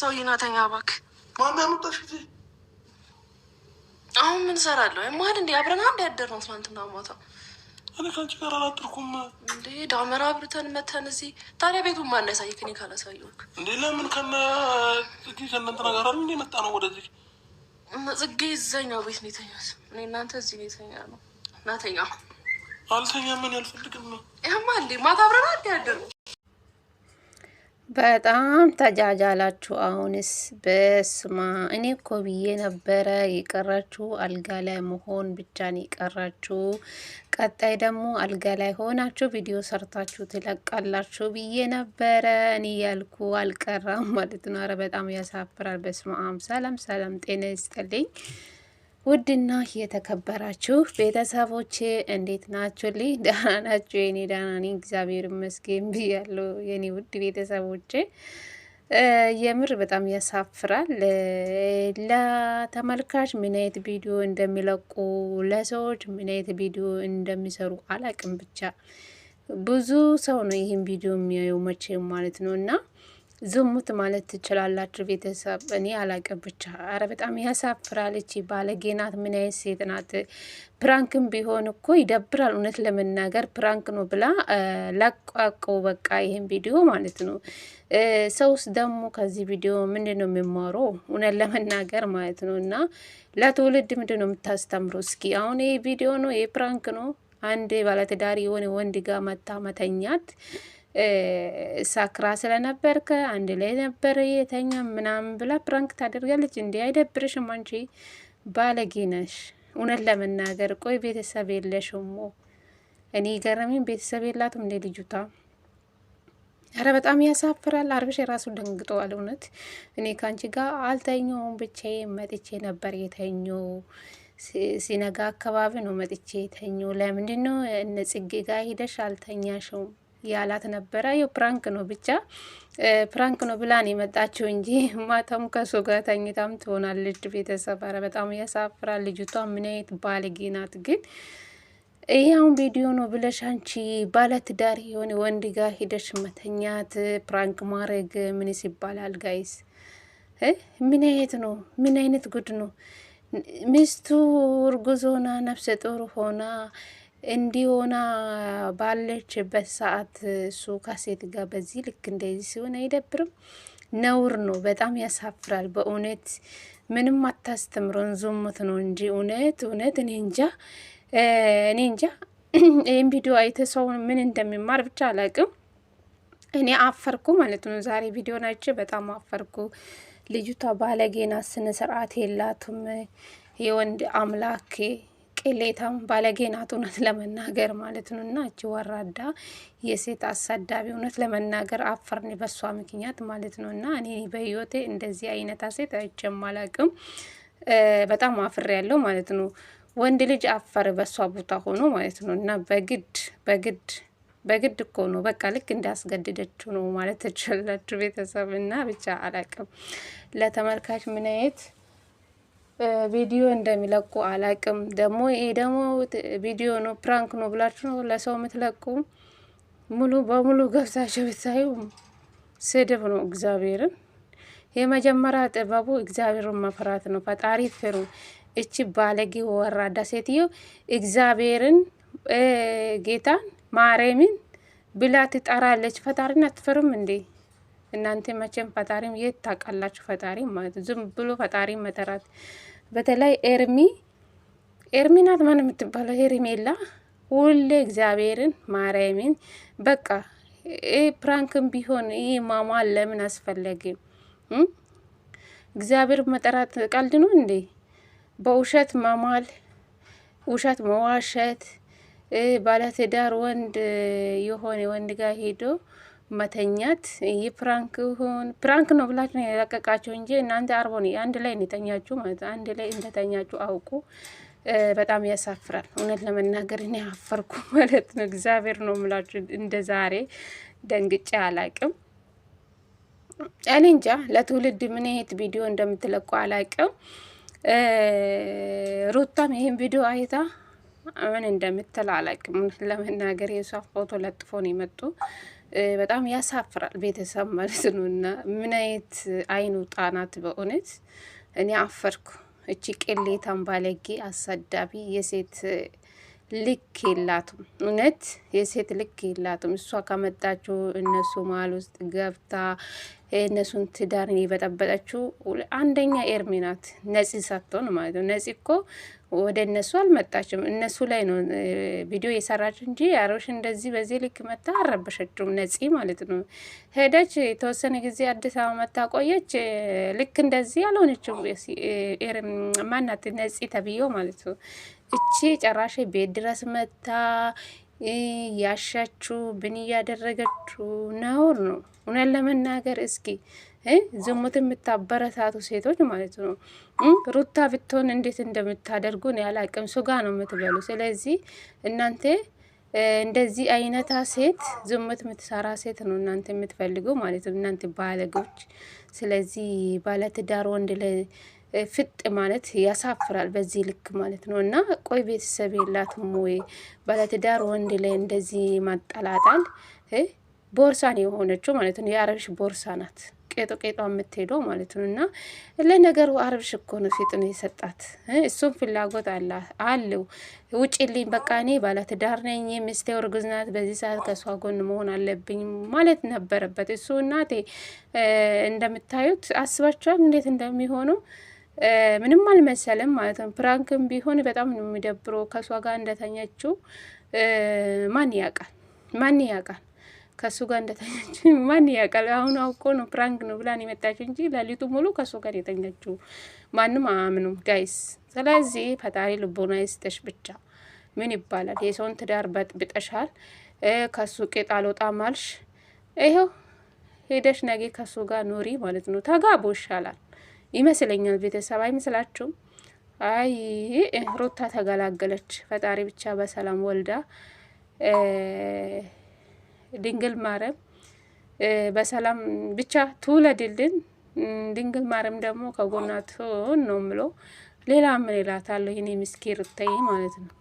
ሰው ናተኛ እባክህ። ማነው ያመጣሽ? አሁን ምን እሰራለሁ? ማል እንዲ አብረን አንድ ያደርነው ትናንትና ማታ እኔ ከአንቺ ጋር አላደርኩም እንዴ? ዳመራ አብርተን መተን እዚህ። ታዲያ ቤቱን ማን ያሳይክ? እኔ ካላሳየሁክ እንዴ? ለምን ከነ ከነ እንትና ጋር እንዴ መጣ ነው ወደዚህ ጽጌ ይዘኛው ቤት ነው የተኛት። እኔ እናንተ እዚህ ነው የተኛ ነው እናተኛ አልተኛ ምን ያልፈልግም ያማ እንዴ ማታ አብረን አዲ ያደር በጣም ተጃጃላችሁ። አሁንስ በስማ እኔ እኮ ብዬ ነበረ የቀራችሁ አልጋ ላይ መሆን ብቻን የቀራችሁ ቀጣይ ደግሞ አልጋ ላይ ሆናችሁ ቪዲዮ ሰርታችሁ ትለቃላችሁ ብዬ ነበረ። እኔ ያልኩ አልቀራም ማለት ነው። አረ በጣም ያሳፍራል። በስማ ሰላም ሰላም፣ ጤና ይስጥልኝ። ውድና የተከበራችሁ ቤተሰቦቼ እንዴት ናችሁልኝ? ደህና ናችሁ? የኔ ደህና ነኝ እግዚአብሔር ይመስገን ብያለሁ። የኔ ውድ ቤተሰቦቼ የምር በጣም ያሳፍራል። ለተመልካች ምን አይነት ቪዲዮ እንደሚለቁ ለሰዎች ምን አይነት ቪዲዮ እንደሚሰሩ አላቅም። ብቻ ብዙ ሰው ነው ይህን ቪዲዮ የሚያየው መቼም ማለት ነው እና ዝሙት ማለት ትችላላችሁ ቤተሰብ። እኔ አላቅም ብቻ። አረ በጣም ያሳፍራለች። ባለጌናት፣ ምን አይነት ሴት ናት? ፕራንክም ቢሆን እኮ ይደብራል። እውነት ለመናገር ፕራንክ ነው ብላ ለቋቀው በቃ ይህን ቪዲዮ ማለት ነው። ሰውስ ደግሞ ከዚህ ቪዲዮ ምንድን ነው የሚማረው? እውነት ለመናገር ማለት ነው። እና ለትውልድ ምንድን ነው የምታስተምሩ? እስኪ አሁን ይህ ቪዲዮ ነው ይህ ፕራንክ ነው። አንድ ባለትዳር የሆነ ወንድ ጋር መታ መተኛት ሳክራ ስለነበርከ አንድ ላይ ነበር የተኛ ምናምን ብላ ፕራንክ ታደርጋለች። እንዲህ አይደብርሽም አንቺ ባለጌ ነሽ። እውነት ለመናገር ቆይ ቤተሰብ የለሽም? እኔ ገረሜን ቤተሰብ የላትም እንደ ልጁታ አረ በጣም ያሳፍራል። አርብሽ የራሱ ደንግጠዋል። እውነት እኔ ከአንቺ ጋር አልተኛውም፣ ብቻዬን መጥቼ ነበር የተኛው። ሲነጋ አካባቢ ነው መጥቼ የተኛው። ለምንድን ነው እነ ጽጌ ጋር ሂደሽ አልተኛሽውም? ያላት ነበረ። ይው ፕራንክ ነው ብቻ ፕራንክ ነው ብላን የመጣችው እንጂ ማታም ከሱ ጋር ተኝታም ትሆናለች። ቤተሰብ አረ በጣም ያሳፍራል። ልጅቷ ምን አይነት ባለጌ ናት ግን ይሄውን ቪዲዮ ነው ብለሽ አንቺ ባለትዳር የሆነ ወንድ ጋር ሂደሽ መተኛት ፕራንክ ማድረግ ምንስ ይባላል? ጋይስ ምን አይነት ነው? ምን አይነት ጉድ ነው? ሚስቱ እርጉዞና ነፍሰ ጡር ሆና እንዲሆና ባለችበት ሰዓት እሱ ካሴት ጋር በዚህ ልክ እንደዚህ ሲሆን አይደብርም? ነውር ነው። በጣም ያሳፍራል። በእውነት ምንም አታስተምረን፣ ዞሞት ነው እንጂ እውነት እውነት እኔ እንጃ እኔ እንጃ። ይህም ቪዲዮ አይተ ሰው ምን እንደሚማር ብቻ አላቅም። እኔ አፈርኩ ማለት ነው። ዛሬ ቪዲዮ ናቸው። በጣም አፈርኩ። ልጅቷ ባለጌና ስነ ስርዓት የላትም። የወንድ አምላኬ ቅሌታም ባለጌ ናት፣ እውነት ለመናገር ማለት ነው። እና እች ወራዳ የሴት አሳዳቢ እውነት ለመናገር አፈርን በሷ ምክንያት ማለት ነው። እና እኔ በህይወቴ እንደዚህ አይነት ሴት አይቼም አላቅም። በጣም አፍሬ ያለው ማለት ነው። ወንድ ልጅ አፈር በሷ ቦታ ሆኖ ማለት ነው። እና በግድ በግድ በግድ እኮ ነው በቃ ልክ እንዳስገድደችው ነው ማለት ትችላችሁ ቤተሰብ እና ብቻ አላቅም ለተመልካች ምን አይነት ቪዲዮ እንደሚለቁ አላቅም። ደግሞ ይሄ ደግሞ ቪዲዮ ነው ፕራንክ ነው ብላችሁ ነው ለሰው የምትለቁ። ሙሉ በሙሉ ገብሳቸው ብታዩ ስድብ ነው። እግዚአብሔርን የመጀመሪያ ጥበቡ እግዚአብሔርን መፍራት ነው። ፈጣሪ ፍሩ። እቺ ባለጌ ወራዳ ሴትዮ እግዚአብሔርን ጌታን ማርያምን ብላ ትጠራለች። ፈጣሪን አትፈርም እንዴ? እናንተ መቼም ፈጣሪም የት ታውቃላችሁ? ፈጣሪ ማለት ዝም ብሎ ፈጣሪ መጠራት በተለይ ኤርሚ ኤርሚ ናት ማን የምትባለው ሄርሜላ ሁሌ እግዚአብሔርን ማርያምን በቃ ፕራንክም ቢሆን ይህ ማማ ለምን አስፈለግም? እግዚአብሔር መጠራት ቀልድ ነው እንዴ? በውሸት መማል፣ ውሸት መዋሸት፣ ባለትዳር ወንድ የሆነ ወንድ ጋር ሄዶ መተኛት ይህ ፕራንክ ይሁን ፕራንክ ነው ብላችሁ ነው የለቀቃችሁ እንጂ እናንተ አርቦ ነው አንድ ላይ እንተኛችሁ ማለት አንድ ላይ እንደተኛችሁ አውቁ። በጣም ያሳፍራል። እውነት ለመናገር እኔ አፈርኩ ማለት ነው። እግዚአብሔር ነው ምላችሁ እንደ ዛሬ ደንግጬ አላቅም። እኔ እንጃ ለትውልድ ምን ይሄት ቪዲዮ እንደምትለቁ አላቅም። ሩታም ይህን ቪዲዮ አይታ ምን እንደምትል አላቅም። እውነት ለመናገር የሷ ፎቶ ለጥፎ ነው የመጡ በጣም ያሳፍራል። ቤተሰብ ማለት ነው እና ምን አይነት አይኑ ጣናት በእውነት እኔ አፈርኩ። እቺ ቅሌታም ባለጌ አሳዳቢ የሴት ልክ የላትም። እውነት የሴት ልክ የላትም። እሷ ከመጣችው እነሱ መሀል ውስጥ ገብታ እነሱን ትዳርን የበጠበጠችው አንደኛ ኤርሚ ናት። ነፂ ሳትሆን ማለት ነው። ነፂ እኮ ወደ እነሱ አልመጣችም። እነሱ ላይ ነው ቪዲዮ የሰራች እንጂ አብርሽ እንደዚህ በዚህ ልክ መታ አረበሸችም። ነፂ ማለት ነው። ሄደች የተወሰነ ጊዜ አዲስ አበባ መታ ቆየች። ልክ እንደዚህ አልሆነችም። ማናት ነፂ ተብዬው ማለት ነው። እቺ ጨራሽ ቤት ድረስ መታ ያሻችሁ ብን እያደረገችሁ ነውር ነው። እውነት ለመናገር እስኪ ዝሙት የምታበረታቱ ሴቶች ማለት ነው። ሩታ ብትሆን እንዴት እንደምታደርጉን ያላቅም ሱጋ ነው የምትበሉ። ስለዚህ እናንተ እንደዚህ አይነታ ሴት ዝሙት የምትሰራ ሴት ነው እናንተ የምትፈልጉ ማለት ነው። እናንተ ባለጎች። ስለዚህ ባለትዳር ወንድ ፍጥ ማለት ያሳፍራል። በዚህ ልክ ማለት ነው እና ቆይ ቤተሰብ የላትም ወይ? ባለትዳር ወንድ ላይ እንደዚህ ማጠላጣል። ቦርሳን የሆነችው ማለት ነው የአረብሽ ቦርሳ ናት፣ ቄጦ ቄጧ የምትሄደው ማለት ነው። እና ለነገሩ አረብሽ እኮ ነው ፊጥን የሰጣት። እሱም ፍላጎት አላ አለው ውጭልኝ፣ በቃ እኔ ባለትዳር ነኝ፣ ሚስቴ እርጉዝ ናት፣ በዚህ ሰዓት ከእሷ ጎን መሆን አለብኝ ማለት ነበረበት እሱ። እናቴ እንደምታዩት አስባችኋል እንዴት እንደሚሆነው ምንም አልመሰለም ማለት ነው። ፕራንክም ቢሆን በጣም ነው የሚደብሮ። ከእሷ ጋር እንደተኛችው ማን ያውቃል? ማን ያውቃል? ከእሱ ጋር እንደተኛችው ማን ያውቃል? አሁን አውቆ ነው ፕራንክ ነው ብላን የመጣችው እንጂ ለሊቱ ሙሉ ከእሱ ጋር የተኛችው ማንም አያምኑም ጋይስ። ስለዚህ ፈጣሪ ልቦና ይስጠሽ ብቻ። ምን ይባላል? የሰውን ትዳር በጥብጠሻል። ከሱ ቄጥ አልወጣም ማልሽ። ይኸው ሄደሽ ነገ ከሱ ጋር ኑሪ ማለት ነው። ተጋቦ ይሻላል። ይመስለኛል። ቤተሰብ አይመስላችሁም? አይ ሩታ ተገላገለች። ፈጣሪ ብቻ በሰላም ወልዳ ድንግል ማርያም በሰላም ብቻ ትውለድልን። ድንግል ማርያም ደግሞ ከጎናት ነው ምሎ ሌላ ምን ይላታለሁ? ይህኔ ምስኪር ሩታዬ ማለት ነው።